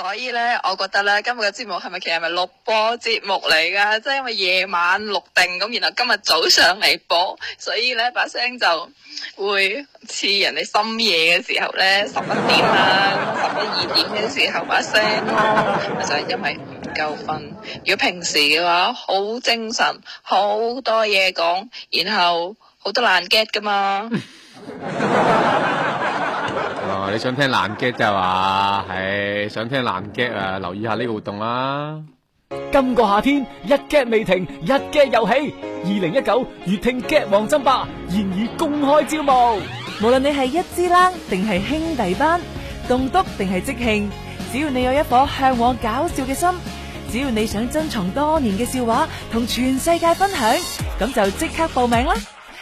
所以咧，我覺得咧，今日嘅節目係咪其實係咪錄播節目嚟噶？即係因為夜晚錄定咁，然後今日早上嚟播，所以咧，把聲就會似人哋深夜嘅時候咧，十一點啦、十一二點嘅時候把聲，咪就係因為唔夠瞓。如果平時嘅話，好精神，好多嘢講，然後好多難 get 噶嘛。 你想聽爛 gag 啫嘛？係想聽爛 gag 啊？留意下呢個活動啦！今個夏天一 gag 未停，一 gag 又起。二零一九粵聽 gag 王爭霸現已公開招募。無論你係一支冷，定係兄弟班，棟篤定係即興，只要你有一顆向往搞笑嘅心，只要你想珍藏多年嘅笑話同全世界分享，咁就即刻報名啦！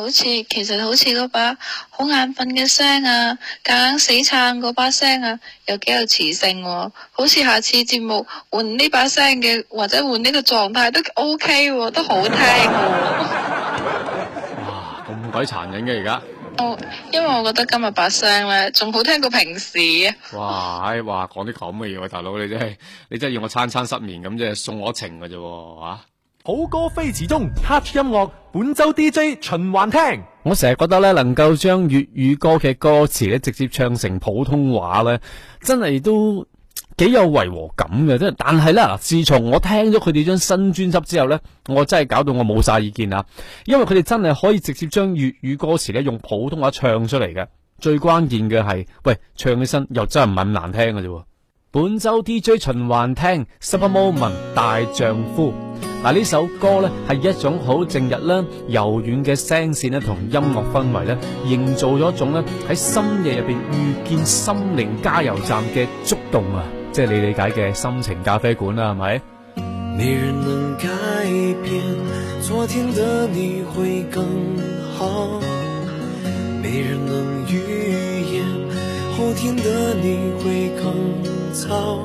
好似其實好似嗰把好眼瞓嘅聲啊，硬硬死撐嗰把聲啊，又幾有磁性喎、啊。好似下次節目換呢把聲嘅，或者換呢個狀態都 OK 喎、啊，都好聽、啊。哇，咁鬼殘忍嘅而家。哦，因為我覺得今日把聲咧，仲好聽過平時啊。哇，哇，講啲咁嘅嘢，大佬你真係，你真係要我餐餐失眠咁，即係送我情㗎啫，哇、啊！好歌飛馳中 Touch 音樂本周 DJ 循環聽。我成日覺得咧，能夠將粵語歌嘅歌詞咧，直接唱成普通話咧，真係都幾有違和感嘅。真係，但係咧，自從我聽咗佢哋張新專輯之後咧，我真係搞到我冇晒意見啊！因為佢哋真係可以直接將粵語歌詞咧用普通話唱出嚟嘅。最關鍵嘅係，喂，唱起身又真係唔係咁難聽嘅啫。本周 DJ 循環聽《 Super Moment 大丈夫》。嗱，呢首歌咧，係一種好靜日啦、柔軟嘅聲線咧，同音樂氛圍咧，營造咗一種咧喺深夜入邊遇見心靈加油站嘅觸動啊！即係你理解嘅心情咖啡館啦，係咪？沒人能改變，昨天的你會更好；沒人能預言，後天的你會更糟。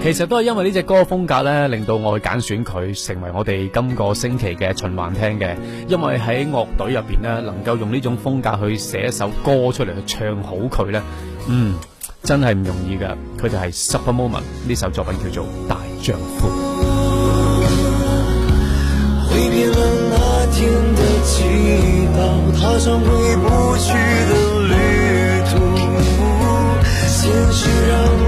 其實都係因為呢隻歌嘅風格咧，令到我去揀選佢成為我哋今個星期嘅循環聽嘅。因為喺樂隊入邊呢，能夠用呢種風格去寫一首歌出嚟去唱好佢咧，嗯，真係唔容易噶。佢就係、是、Supper Moment，呢首作品叫做大丈夫。回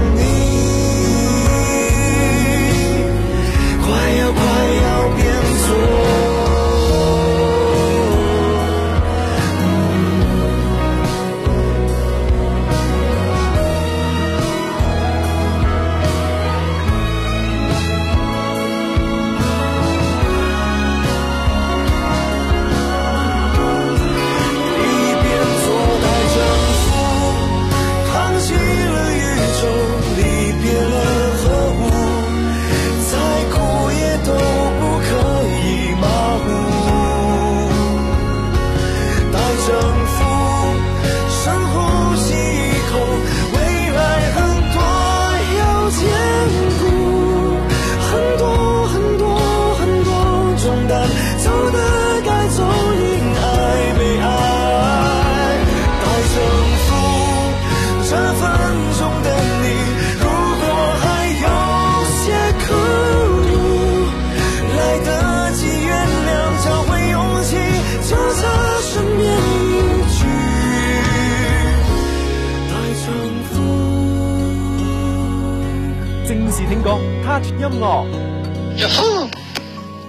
正式聽歌 Touch 音樂，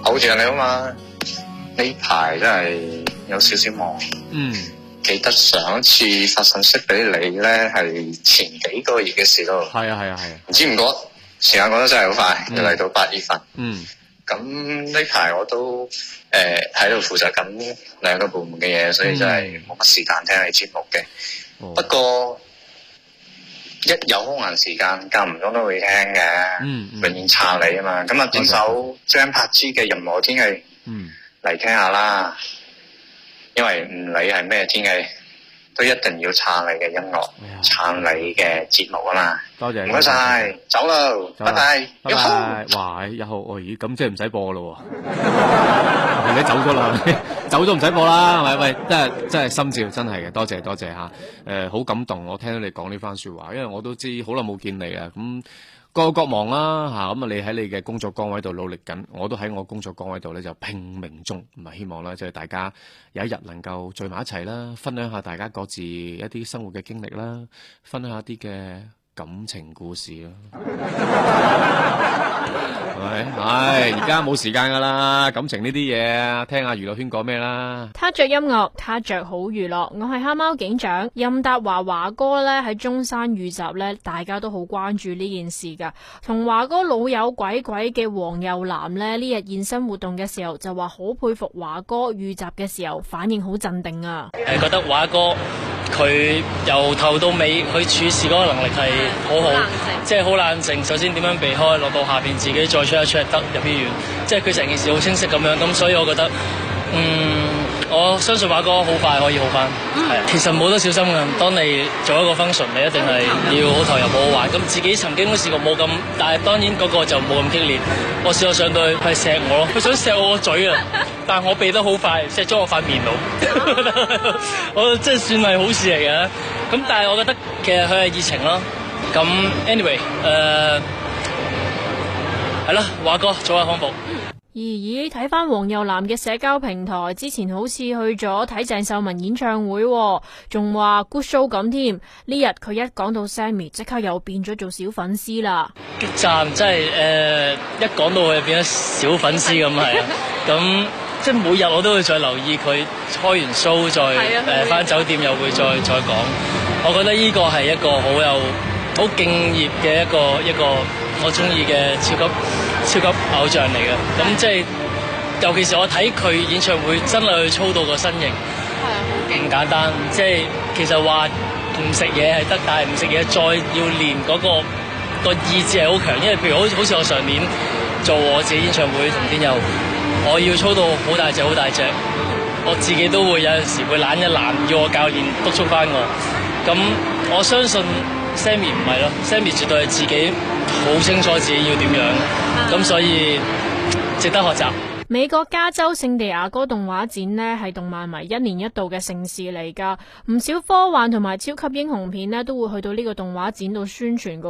好謝你啊嘛！呢排真係有少少忙，嗯，記得上一次發信息俾你咧，係前幾個月嘅事咯，係啊係啊係啊，唔知唔覺時間過得真係好快，又嚟到八月份，嗯，咁呢排我都誒喺度負責緊兩個部門嘅嘢，所以真係冇乜時間聽你節目嘅，不過。一有空閒時間，間唔中都會聽嘅，嗯嗯，永遠查你啊嘛。咁，嗯，啊，點首張柏芝嘅《任何天氣》嚟，嗯，聽下啦，因為唔理係咩天氣，都一定要撐你嘅音樂，哎、撐你嘅節目啊嘛！多謝你，唔該晒，走咯，拜拜，拜拜，哇！一、哎、號，咦、哎，咁即係唔使播咯喎，你 走咗啦，走咗唔使播啦，係咪？喂，真係真係心照，真係嘅，多謝多謝吓、呃、好感動，我聽到你講呢番説話，因為我都知好耐冇見你啊，咁、嗯。各有各忙啦，吓咁啊！你喺你嘅工作崗位度努力緊，我都喺我工作崗位度咧就拼命中。唔係希望啦，即係大家有一日能夠聚埋一齊啦，分享下大家各自一啲生活嘅經歷啦，分享下啲嘅。感情故事咯，係 咪、哎？唉、哎，而家冇時間噶啦，感情呢啲嘢，聽下娛樂圈講咩啦。他著音樂，他著好娛樂。我係黑貓警長任達華華哥呢，喺中山預習呢，大家都好關注呢件事噶。同華哥老友鬼鬼嘅黃又南呢，日現身活動嘅時候就話好佩服華哥預習嘅時候反應好鎮定啊。誒，覺得華哥。佢由頭到尾，佢處事嗰個能力係好好，嗯、即係好冷靜。首先點樣避開，落到下邊自己再出一出，得入醫院。即係佢成件事好清晰咁樣，咁所以我覺得，嗯。嗯。我相信華哥好快可以好返，係啊、嗯。其實冇得小心嘅，當你做一個 function，你一定係要好投入、好玩。咁自己曾經都試過冇咁，但係當然嗰個就冇咁激烈。我試過上到佢係錫我咯，佢 想錫我個嘴我我啊，但係我避得好快，錫咗我塊面度。我真係算係好事嚟嘅。咁但係我覺得其實佢係熱情咯。咁 anyway，呃，係啦，華哥早啲康復咦咦，睇翻黃又南嘅社交平台，之前好似去咗睇鄭秀文演唱會，仲話 good show 咁添。呢日佢一講到 Sammy，即刻又變咗做小粉絲啦。激讚，真係誒，一講到佢變咗小粉絲咁係，咁 即係每日我都會再留意佢開完 show 再誒、啊呃、翻酒店又會再 再講。我覺得呢個係一個好有好敬業嘅一個一個。一個我中意嘅超級超級偶像嚟嘅，咁即係尤其是我睇佢演唱會，真係去操到個身形，唔簡單。即係其實話唔食嘢係得，但係唔食嘢再要練嗰個個意志係好強，因為譬如好似好似我上年做我自己演唱會同天佑，我要操到好大隻好大隻，我自己都會有陣時會懶一懶，要我教練督促翻我。咁我相信 Sammy 唔係咯，Sammy 絕對係自己。好清楚自己要點樣，咁所以值得學習。美國加州聖地亞哥動畫展呢，係動漫迷一年一度嘅盛事嚟噶，唔少科幻同埋超級英雄片呢，都會去到呢個動畫展度宣傳噶。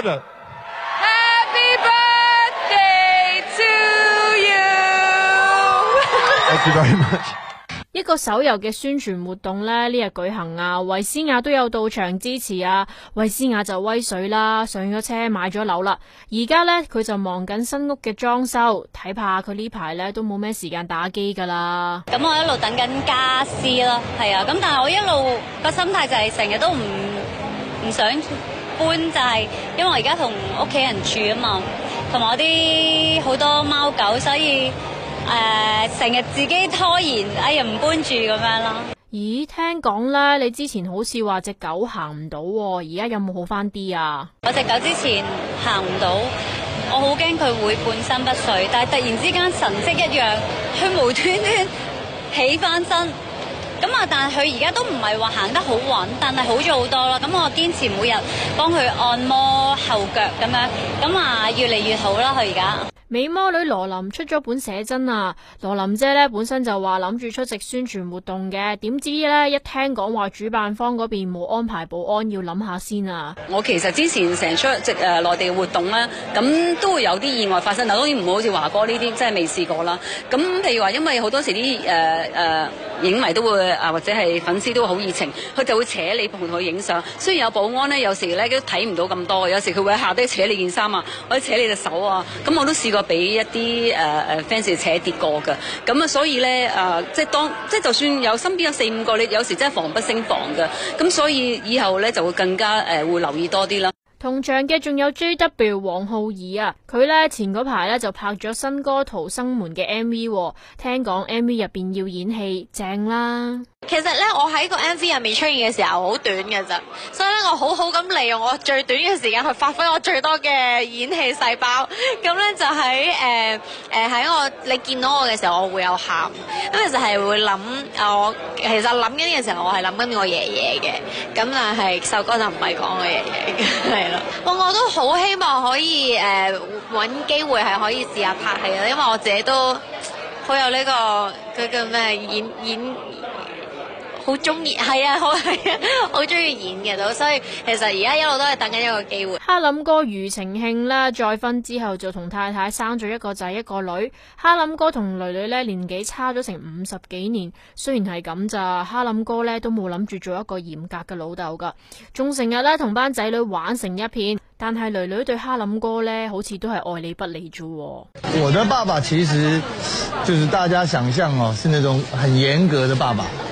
happy birthday to you 一個手遊嘅宣傳活動呢，呢日舉行啊，衛詩雅都有到場支持啊。衛詩雅就威水啦，上咗車買咗樓啦，而家呢佢就忙緊新屋嘅裝修，睇怕佢呢排呢都冇咩時間打機噶啦。咁我，、啊、我一路等緊家私啦，係啊，咁但係我一路個心態就係成日都唔唔想。搬就係，因為我而家同屋企人住啊嘛，同埋我啲好多貓狗，所以誒成日自己拖延，哎呀唔搬住咁樣咯。咦，聽講咧，你之前好似話隻狗行唔到，而家有冇好返啲啊？我隻狗之前行唔到，我好驚佢會半身不遂，但係突然之間神跡一樣，佢無端端起返身。咁啊！但係佢而家都唔係話行得好穩，但係好咗好多啦。咁我堅持每日幫佢按摩後腳咁樣，咁啊越嚟越好啦！佢而家。美魔女羅琳出咗本寫真啊！羅琳姐咧本身就話諗住出席宣傳活動嘅，點知咧一聽講話主辦方嗰邊冇安排保安，要諗下先啊！我其實之前成日出席誒內地活動啦，咁都會有啲意外發生。嗱，當然唔會好似華哥呢啲，真係未試過啦。咁譬如話，因為好多時啲誒誒影迷都會啊，或者係粉絲都會好熱情，佢就會扯你同佢去影相。雖然有保安呢，有時咧都睇唔到咁多，有時佢會喺下低扯你件衫啊，或者扯你隻手啊。咁我都試過。俾一啲誒誒 fans 扯跌過嘅，咁啊，所以咧誒，即係當即係就算有身邊有四五個，你有時真係防不勝防嘅，咁所以以後咧就會更加誒會留意多啲啦。同場嘅仲有 JW 王灝兒啊，佢咧前嗰排咧就拍咗新歌《逃生門》嘅 MV，聽講 MV 入邊要演戲，正啦。其實咧，我喺個 MV 入面出現嘅時候好短㗎咋，所以咧，我好好咁利用我最短嘅時間去發揮我最多嘅演戲細胞。咁咧就喺誒誒喺我你見到我嘅時候，我會有喊。咁其實係會諗、呃、我，其實諗緊嘅時候我爺爺我爺爺，我係諗緊我爺爺嘅。咁但係首歌就唔係講我爺爺嘅，係我我都好希望可以誒搵機會係可以試下拍戲啦，因為我自己都好有呢、這個佢叫咩演演。演好中意係啊，好係啊，好中意演嘅，所以其實而家一路都係等緊一個機會。哈林哥庾澄慶啦，再婚之後就同太太生咗一個仔一個女。哈林哥同囡囡呢，年紀差咗成五十幾年，雖然係咁咋，哈林哥呢都冇諗住做一個嚴格嘅老豆噶，仲成日呢同班仔女玩成一片。但係囡囡對哈林哥呢，好似都係愛你不離啫。我的爸爸其實就是大家想象哦，是那種很嚴格的爸爸。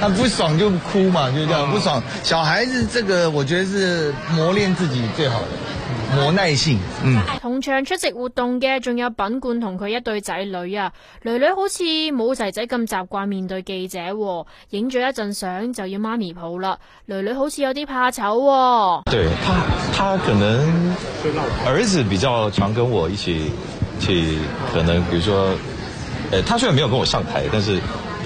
他不爽就哭嘛，就這樣不爽。小孩子這個，我覺得是磨練自己最好的，磨耐性。嗯。同場出席活動嘅，仲有品冠同佢一對仔女啊。囡囡好似冇仔仔咁習慣面對記者喎，影咗一陣相就要媽咪抱啦。囡囡好似有啲怕醜喎。對，她她可能兒子比較常跟我一起去，可能比如說，誒、欸，他雖然沒有跟我上台，但是。